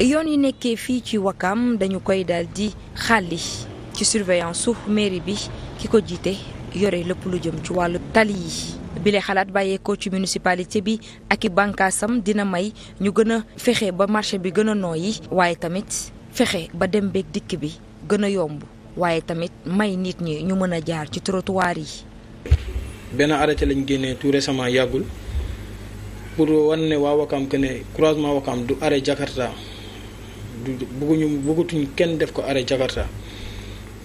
yoon yi nekkee fii ci Wakam dañu koy daal di xàlli ci surveillance suuf mairie bi ki ko jiite yore lépp lu jëm ci wàllu tali yi bile xalaat bàyyeekoo ci municipalité bi ak i bànkaasam dina may ñu gën a fexe ba marché bi gën a nooyi waaye tamit fexe ba dem beeg dikk bi gën a yomb waaye tamit may nit ñi ñu mën a jaar ci trottoir yi. benn arrêté lañ génnee tout récemment yàggul pour wan ne waa Wakam que ne croisement Wakam du arrêt Jakarta. du bëgguñu bëggatuñ kenn def ko arrêt Jakarta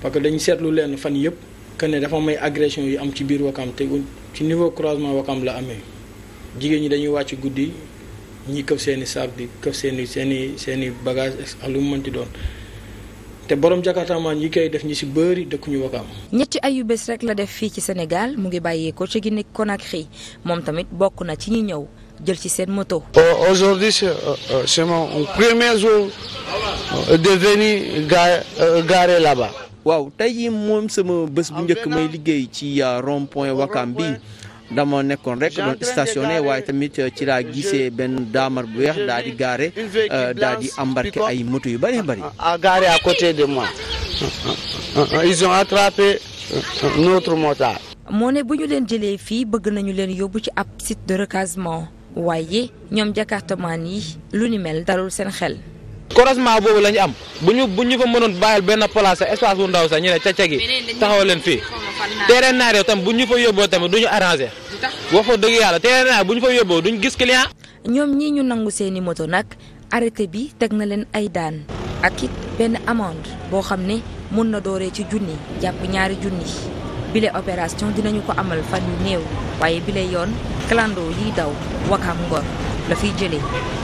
parce que dañu seetlu leen fan yëpp que ne dafa may agression yu am ci biir Wakam te ci niveau croisement Wakam la amee jigéen ñi dañuy wàcc guddi ñi këf seeni i saak këf seen i seen seen i bagage ak lu mu mënti doon te borom Jakarta maan ñi koy def ñi si bëri dëkkuñu Wakam. ñetti ayu bés rek la def fii ci Sénégal mu ngi bàyyeekoo ci Guinée Conakry moom tamit bokk na ci ñu ñëw jël ci seen moto. devenu euh, garé là-bas. waaw tey jii moom sama bés bu njëkk may liggéey ci euh, rond point Wakam bi dama nekkoon rek doon stationné waaye tamit euh, ci laa gisee benn daamar bu weex daal di garé daal di embarqué ay moto yu bëree bëri. a à côté de mois ils ont attrapé notre motard. moo ne bu ñu leen jëlee fii bëgg nañu leen yóbbu ci ab site de recasement waaye ñoom jakartamaan yi lu ni mel dalul seen xel. croisement boobu la ñu am bu ñu bu ñu fa mënoon bàyyil benn place espace bu ndaw sax ñu ne càcc gi taxaw leen fii terrain naar yow tamit bu ñu fa yóbboo tamit du ñu arrangé wax fa yàlla terrain bu ñu fa yóbboo duñ gis client. ñoom ñii ñu nangu seeni moto nag arrêté bi teg na leen ay daan ak benn amende boo xam ne mën na dooree ci junni jàpp ñaari junni bile opération dinañu ko amal fan yu néew waaye bile yoon clando yiy daw Wakam Ngor la fiy jëlee.